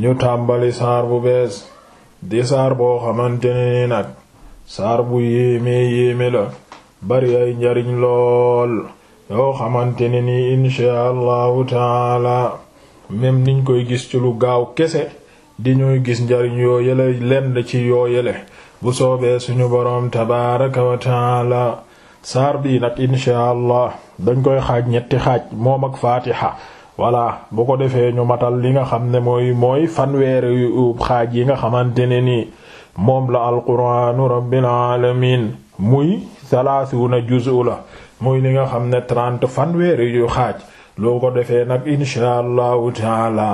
ñu tàmbali saar bu bees di saar boo xamante ne ni nag saar bu yéemee yéeme la bari ay njariñ lool yoo xamante ne ni inshaa allahu taala même niñ koy gis ci lu gaaw kese di ñuy gis njariñ yoo yele lenn ci yoo yéle bu soobee suñu boroom tabaaraka wa taala saar bii nag inshaa allah dañ koy xaaj ñetti xaaj moom ak faatiha voilà boo ko defee ñu matal li nga xam ne mooy mooy fanweeri xaaj yi nga xamante ne nii moom la alquraanu rabbil alamin muy salaasuuna juzu la muy li nga xam ne trente fanweeri yu xaaj loo ko defee nag insha allahu taala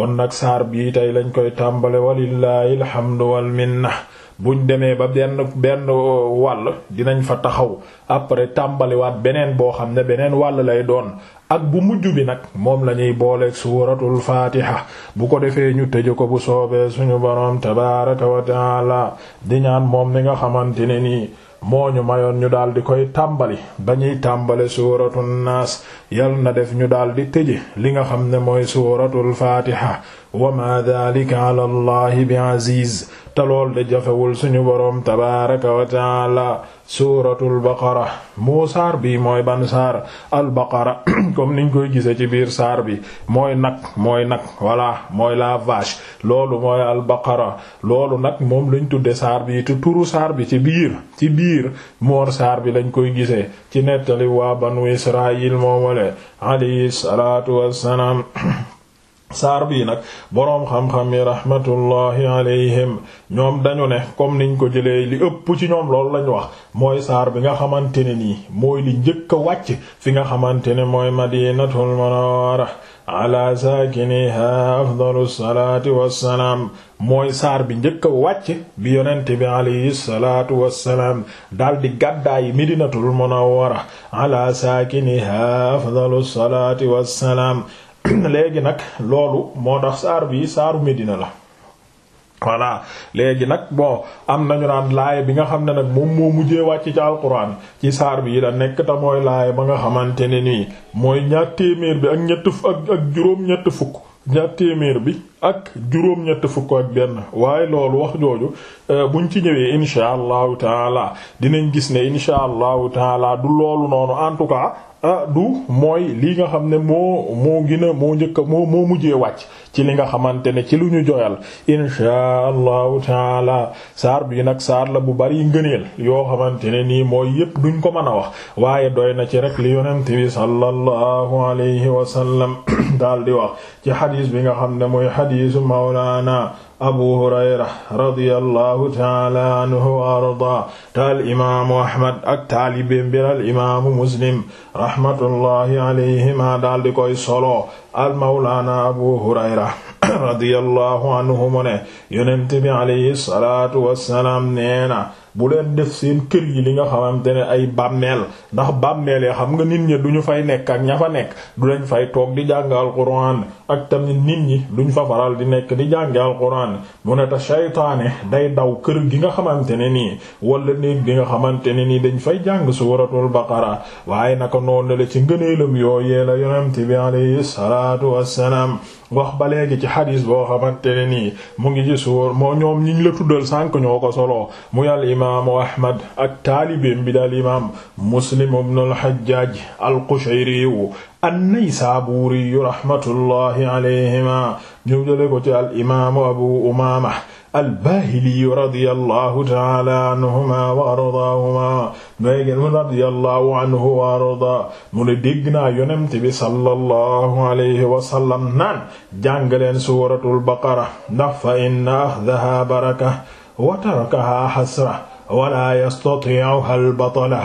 kon nag saar bii tey lañ koy tàmbale walillahi alhamdu wal minna buñ demee ba benn benn wàll dinañ fa taxaw après tàmbaliwaat beneen boo xam ne beneen wàll lay doon ak bu mujj bi nag moom la ñuy booleeg suuratul faatiha bu ko defee ñu tëj ko bu soobee suñu boroom tabaaraka wa di ñaan moom ni nga xamante ne nii moo ñu mayoon ñu daal di koy tàmbali dañuy tàmbale suuratu naas yal na def ñu daal di tëje li nga xam ne mooy suuratul faatiha wa ma dhalika ala allahi bi aziz te lool de jafewul suñu boroom tabaraka wa taala suuratul baqara moo saar bi mooy ban saar albaqara comme niñ koy gise ci biir saar bi mooy nag mooy nag voilà mooy la vache loolu mooy albaqara loolu nag moom lañ tudde saar bi te turu saar bi ci biir ci biir moor saar bi lañ koy gisee ci nettali waa banu israil moomale alayhi salaatu wassalaam saar bii nag boroom xam-xam yi rahmatullahi alayhim ñoom dañu ne comme niñ ko jëlee li ëpp ci ñoom loolu lañu wax mooy saar bi nga xamante ne nii mooy li njëkk wàcc fi nga xamante ne mooy madinatul munawwara ala saakiniha afdalu mooy saar bi njëkk wàcc bi yonente bi alayhi salaatu wassalaam daal di gàddaayi medinatul munawwara ala saakiniha afdalu salaati wassalaam léegi nag loolu moo tax saar bi saaru Medina la voilà léegi nag bon am nañu naan laay bi nga xam ne nag moom moo mujjee wàcc ci alquran ci saar bi la nekk te mooy ba nga xamante ne nii mooy ñaar bi ak ñett ak ak juróom-ñett fukk ñaar bi ak juróom-ñett fukk ak benn waaye loolu wax jooju euh, buñ ci ñëwee insha allahu taala dinañ gis ne insha allahu taala du loolu noonu en tout cas. Ah, du mooy lii nga xam ne moo moo gën a moo njëkk moo moo mujje wàcc ci li nga xamante ne ci lu ñu joyal inshaa allahu taala saar bi nag saar la bu bari ngëneel yoo xamante ne nii mooy yépp duñ ko mën a wax waaye doy na ci rek li yonent bi sallallahu alayhi wa sallam daal di wax ci xadiis bi nga xam ne mooy xadiisu mawlaana abu hurayra radiyallahu taala anhu wa arda taal imaamu ahmad ak taalibeem bi al imaamu muslim rahmatullahi alayhima daal di koy solo al mawlaana abu hurayra radiyallahu anhu mu ne yonent bi alayhi salaatu wassalaam neena bu leen def seen kër yi li nga xamante ne ay bàmmeel ndax bàmmeel ya xam nga nit ñi duñu fay nekk ak ña fa nekk du lañ fay toog di jàng alxuraan ak tamit nit ñi duñ fa di nekk di jàng alxuraan mu ne te saytaane day daw kër gi nga xamante ne nii wala néeg gi nga xamante ne nii dañ fay jàng suuratul baqara waaye naka noonu la ci ngëneelam yooyee la yonent bi alayhi salaatu wassalaam wax ba léegi ci xadis boo xamante ne nii mu ngi ci suur moo ñoom ñi ñu la tuddal sànk ñoo ko solo muy al imaamu ahmad ak taalib bi daal imaam muslim ibnu al-hajjaaj al-qushayri an-naysaabuuri rahmatullahi alayhima ñu jële ko ci al imaamu abu umaama al-Baahili radiyallahu ta'ala anhuma wa ardaahuma radiyallahu anhu wa ardaa mu ne dégg naa yonent bi sallallahu alayhi wa sallam naan jàng leen suuratul baqara ndax fa inna axdahaa baraka wa tarakahaa hasra wala yastati'uhaa al-batala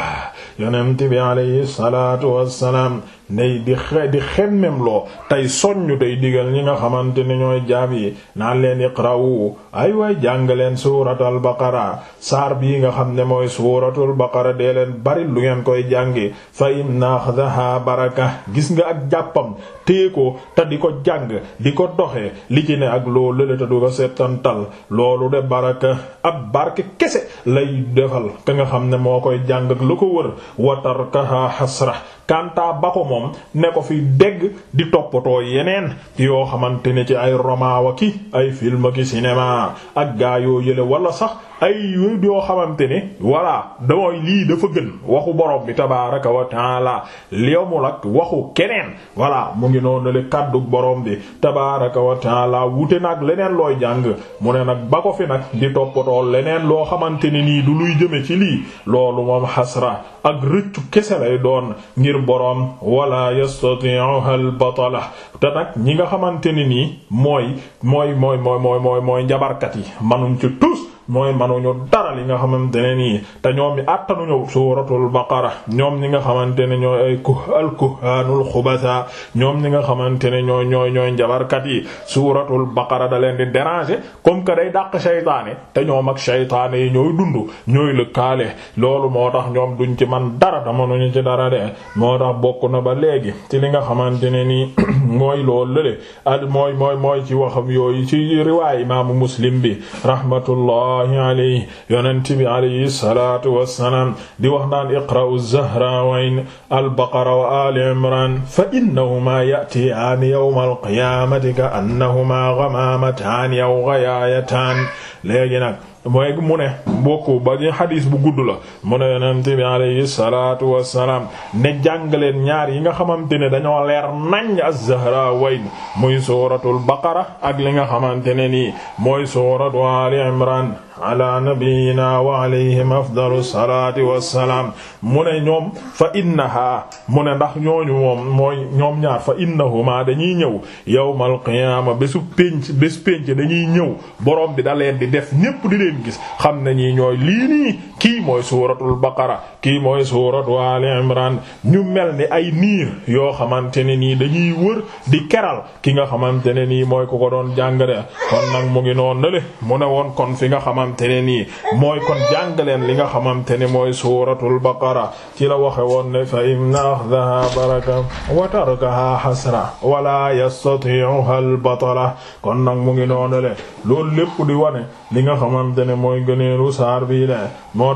yonent bi alayhi salaatu wa salaam nay di xe di xemmemloo tey soññ tey digal ñi nga xamante ne ñooy jaam yi naan leen iqra'u ay waay jàng leen suuratul baqara saar bii nga xam ne mooy suuratul baqara dee leen bari lu ngeen koy jàngi fa inna akhdaha baraka gis nga ak jàppam téye ko te di ko jàng di ko doxee li ci ne ak loolu la te du ko settantal loolu de baraka ab barke kese lay defal ka nga xam ne moo koy jàng ak lu ko wër watarkaha hasra kanta ba ko moom ne ko fi dégg di toppatoo yeneen yoo xamante ne ci ay romaawa ki ay film ki cinéma ak gaa yoo yële wala sax ay yooyu yoo xamante ne voilà damooy lii dafa gën waxu borom bi tabaaraka wa taala liyomul nag waxu keneen voilà mu ngi noonu le kaddu borom bi tabaaraka wa taala wute nag leneen looy jàng mu ne nag ba ko fi nag di toppatoo leneen loo xamante ne nii du luy jëme ci lii loolu moom xasra ak rëccu kese lay doon ngir ngir boroom wala yastati'uha al batala te nag ñi nga xamante ne nii mooy mooy mooy mooy mooy mooy njabarkat yi manum ci tus mooy manuñu dara li nga xamante ne nii te ñoom ñi attanuñu suuratul baqara ñoom ñi nga xamante ne ñooy ay ku al kuhaanul xubasa ñoom ñi nga xamante ne ñooy ñooy ñooy njabarkat yi suuratul baqara da leen di déranger comme que day dàq saytaane te ñoom ak saytaane yi ñooy dund ñooy lëkkaale loolu moo tax ñoom duñ ci man dara te mënuñu ci dara de moo tax bokk na ba léegi ci li nga xamante ne nii mooy la lële al mooy mooy mooy ci waxam yooyu ci riwaay imaamu muslim bi rahmatullah rahmatullahi alayhi yonent bi alayhi salaatu wassalaam di wax naan iqra'u zahrawayn al-baqara wa ali imran fa innahumaa ya'tiyaani yawmal qiyaamati ka'annahumaa ghamaamataani aw ghayaayataan léegi nag mooy mu ne bokk ba ñu xadiis bu gudd la mu ne yonent bi alayhi salaatu wassalaam ne jàngaleen ñaar yi nga xamante ne dañoo leer nañ az-Zahrawayn muy suuratul baqara ak li nga xamante ne nii mooy suuratu Ali Imran ala nabiyyina wa alayhim afdalu salaati wassalaam mu ne ñoom fa innaha mu ne ndax ñooñu moom mooy ñoom ñaar fa innahuma dañuy ñëw yawmal qiyaama bésu pénc bés pénc dañuy ñëw borom bi da leen di def ñépp di leen gis xam nañu ñooy lii nii kii mooy suuratul baqara kii mooy suuratu ali imran ñu mel ni ay niir yoo xamante ne nii dañuy wër di keral ki nga xamante ne nii mooy ku ko doon jàngale kon nag mu ngi noonu nale mu ne woon kon fi nga xamante ne nii mooy kon jàngaleen li nga xamante ne mooy suuratul baqara ci la waxe woon ne fa inna akhdaha baraka wa tarkaha hasra wala yastati'uha al batala kon nag mu ngi noonu le loolu lépp di wane li nga xamante ne mooy gëneeru saar bi le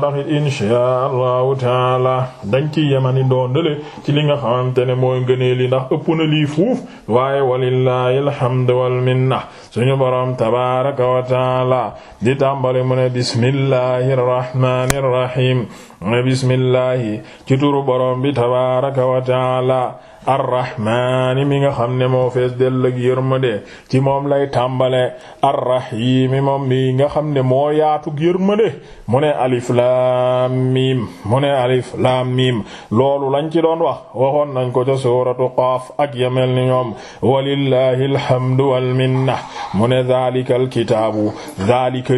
moo tax insha allahu taala dañ ci yemani ndoondale ci li nga xamante ne mooy ngënee li ndax ëpp na lii fuuf waaye walillahi alhamdu wal minna suñu borom tabaraka wa taala di tàmbali mu ne bismillahi arrahmani irrahim bismillahi ci turu borom bi tabaraka wa taala arrahmaani mi nga xam ne moo fees dell ak ci moom lay tàmbale arrahiimi moom mi nga xam ne moo yaatu yërmande mu ne alif laam miim miim loolu lañ ci doon wax waxoon nañ ko ca suuratu qaaf ak yamel ni ñoom walillahi alhamdu wal minna ne daalika alkitaabu daalika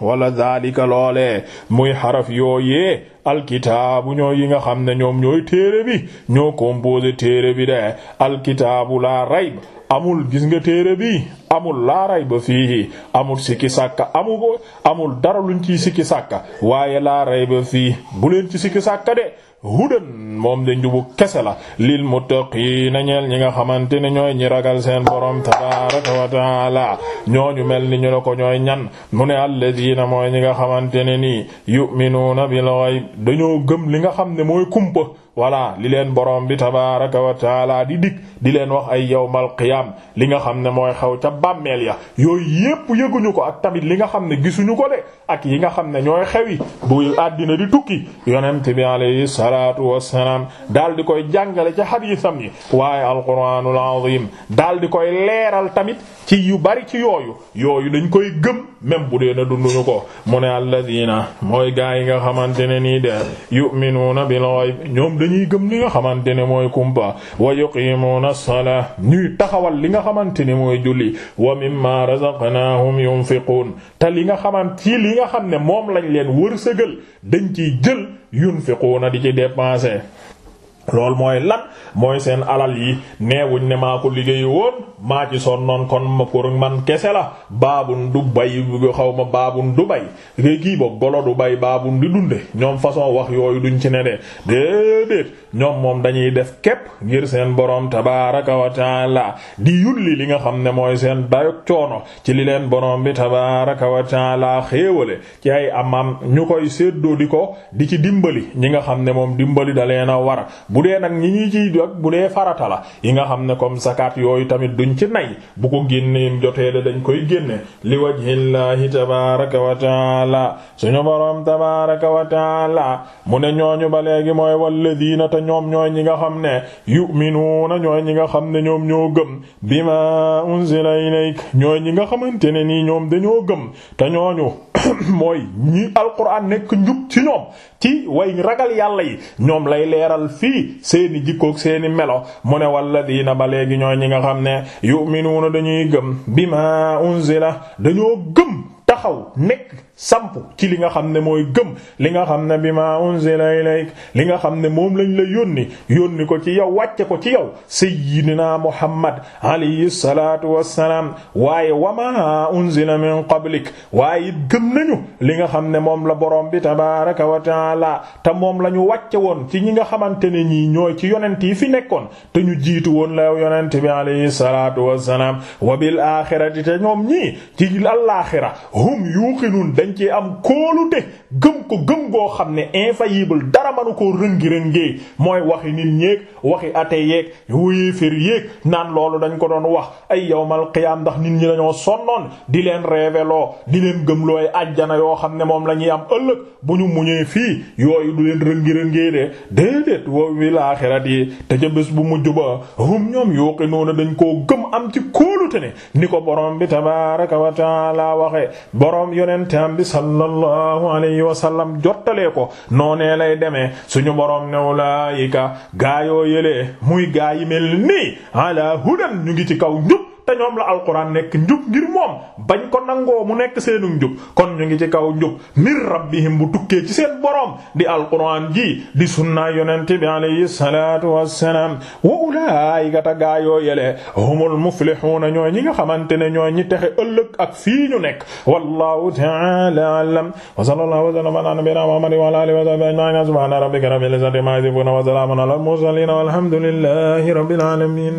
wala daalika loolee muy xaraf yooyee alkitaabu ñoo yi nga xam ne ñoom ñooy téere bi ñoo composé téere bi de alkitaabu laa rayb amul gis nga téere bi amul laaray ba fii amul siki sàkka amu amul dara luñ ci sikki sàkka waaye laaray ba fii bu leen ci sikki sàkka de hudan moom de njubu kese la mu lil muttaqiina ñeel ñi nga xamante ne ñooy ñi ragal seen borom tabaaraka wa taala ñooñu mel ni ñu la ko ñooy ñan mu ne alladiina mooy ñi nga xamante ne nii yu'minuuna bil ghaib dañoo gëm li nga xam ne mooy kumpa voilà li leen borom bi tabaraka wa taala di dig di leen wax ay yawmal qiyam li nga xam ne mooy xaw ca bàmmeel ya yooyu yépp yëguñu ko ak tamit li nga xam ne gisuñu ko de ak yi nga xam ne ñooy xewi bu àddina di tukki yonent bi alayhi salaatu wassalaam daal di koy jàngale ci xadiisam yi waaye alquraanul azim daal di koy leeral tamit ci yu bari ci yooyu yooyu dañ koy gëm même bu dee na dunduñu ko mu ne alladina mooy gaa yi nga xamante ne nii dañuy gëm ni nga xamante ne mooy kumpa wa yuqimuuna salaa ñuy taxawal li nga xamante ne mooy julli wa mimma razaqnaahum yunfiquun te li nga xaman ci li nga xam ne moom lañ leen wërsëgal dañ ciy jël yunfiquuna di ci dépenser loolu mooy lan mooy seen alal yi neewuñ ne maa ko liggéey woon maa ci sonnoon kon ma pour man kese la baabun du bay xaw ma baabun du bay kii ba golo du bay baabu di dunde ñoom façon wax yooyu duñ ci ne de déedéet ñoom moom dañuy def képp ngir seen borom tabaaraka wa la di yulli li nga xam ne mooy seen dayok coono ci li leen borom bi tabaaraka wa taala xéewale ci ay amam ñu koy séddoo di ko di ci dimbali ñi nga xam ne moom dimbali da leen a war bu dee nag ñi ñuy ciy jot bu dee farata la yi nga xam ne comme zakat yooyu tamit duñ ci nay bu ko génneem jotee de dañ koy génne li wajhillahi tabaraka wa taala suñu boroom tabaraka wa taala mu ne ñooñu ba léegi mooy walla walladina te ñoom ñooy ñi nga xam ne yu'minuuna ñooy ñi nga xam ne ñoom ñoo gëm bima unzila ilayk ñooy ñi nga xamante ne nii ñoom dañoo gëm te mooy ñi alquran nekk njub ci ñoom ci way ragal yàlla yi ñoom lay leeral fii seeni jikkook seeni melo mu ne walladina ba léegi ñooy ñi nga xam ne yu'minuna dañuy gëm bima unzila dañoo gëm taxaw nekk samp ci li nga xam ne mooy gëm li nga xam ne bi ma unzila ilayk li nga xam ne moom lañ la yónni yónni ko ci yow wàcce ko ci yow sayyidina muhammad alayhi salatu wassalaam waaye wama unzila min qablik waaye it gëm nañu li nga xam ne moom la borom bi tabaraka wa taala te moom la ñu wàcce woon ci ñi nga xamante ne ñii ñooy ci yonent yi fi nekkoon te ñu jiitu woon la yonent bi alayhi salatu wassalaam wa bil axirati te ñoom ñii ci hum yuuqinuun dañ ci am kóolute gëm ko gëm goo xam ne infaillible dara manu koo rëngi-rëngee mooy waxi nit ñéeg waxi ate yeeg wuyéefér yéeg naan loolu dañ ko doon wax ay yawmal qiyaam ndax nit ñi dañoo sonnoon di leen révélo di leen gëm looy ajjana yoo xam ne moom lañuy am ëllëg bu ñu muñee fii yooyu du leen rëngi-rëngee de déedéet wow wi laaxirat yi te ca bés bu mujj ba hum ñoom yuuqinuuna dañ koo gëm am ci kóolute ne ni ko borom bi tabaaraka wa boroom yonentam bi sallallahu alayhi wa sallam jottalee ko noonee lay demee suñu boroom ne ulaayika gaayoo yëlee muy gaa yi mel nii ala hudan ñu ngi ci kaw njub te ñoom la alquran nekk njub ngir moom bañ kon nangoo mu nekk seenu njub kon ñu ngi ci kaw njub min rabbihim bu tukkee ci seen borom di al alquran ji di sunna yonent bi alayhi salatu wassalam wa ulaayika ta gaa yoo yelee humul muflihuna ñooy ñi nga xamante ne ñooy ñi texe ëllëg ak fii ñu nekk wallahu ta'ala a'lam wa sallallahu wa sallama ala nabiyyina muhammadin wa ala alihi wa sahbihi ajma'in subhana rabbika rabbil izzati wa salamun ala al